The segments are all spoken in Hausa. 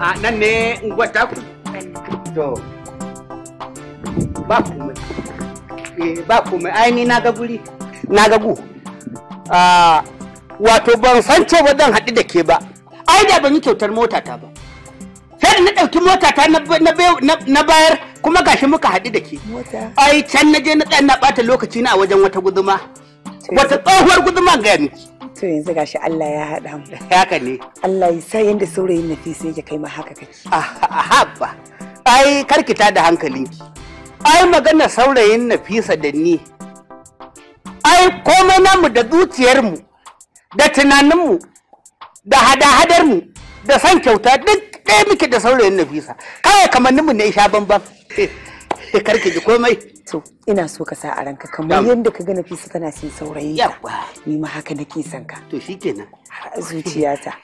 a nan ne unguwar taku to ba komai eh ba komai ai ni na ga guri na ga gu a ah, wato ban san cewa zan haɗu da ke ba ai da ban yi kyautar mota ta ba sai da na ɗauki mota ta na bayar kuma gashi muka haɗu da ke ai can na je na ɗan na ɓata lokaci na a wajen wata guduma wata tsohuwar guduma ga miki to yanzu gashi Allah ya haɗa mu haka ne Allah ya sa yanda saurayin Nafisa yake kai ma haka kake ah, ah, haba ai karkita da hankali. ai magana saurayin Nafisa da ni ai komai namu da zuciyarmu da mu, da hada-hadarmu da son kyauta duk ɗaya muke da saurayin Nafisa kawai kamanninmu ne sha bambam karki ji komai to ina so ka sa a ranka kamar yadda ka ga Nafisa tana cin saurayi yawa ni ma haka nake son ka to shikenan zuciyata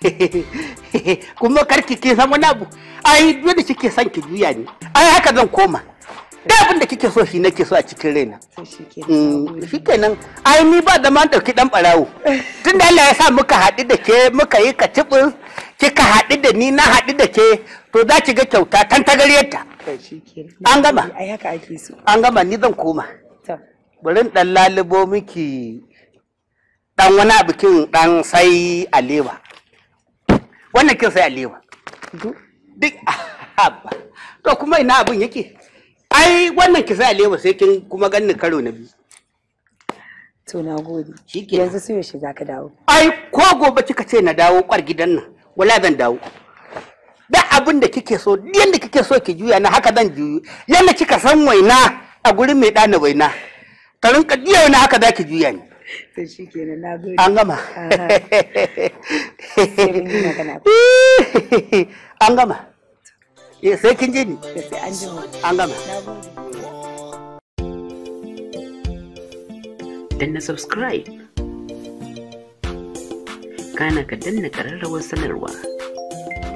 kuma karki ke san wani abu ai yadda kike son ki juya ni ai haka zan koma da abin da kike so shi nake so a cikin raina mm, shikenan ai ni ba da man dauki dan barawo tun da Allah ya sa muka haɗu da ke muka yi ka katibin kika haɗu da ni na haɗu da ke to za ki ga kyauta tan tagariyarta an gama ai haka ake so an gama ni zan koma bari in dan miki wani sai alewa wannan kin sai alewa duk haba to kuma ina abin yake ai wannan ki sai alewa sai kin kuma karo na biyu to na gode yanzu sai dawo ai ko gobe kika ce na dawo kwar gidan nan wala zan dawo da abin da kike so yadda kike so ki juya na haka dan juyu yadda kika san waina a gurin mai dana waina ka rinka juya na haka za ki juya ni to na gode an gama an gama eh, sai kin ji ni an gama danna subscribe kana ka danna ƙararrawar sanarwa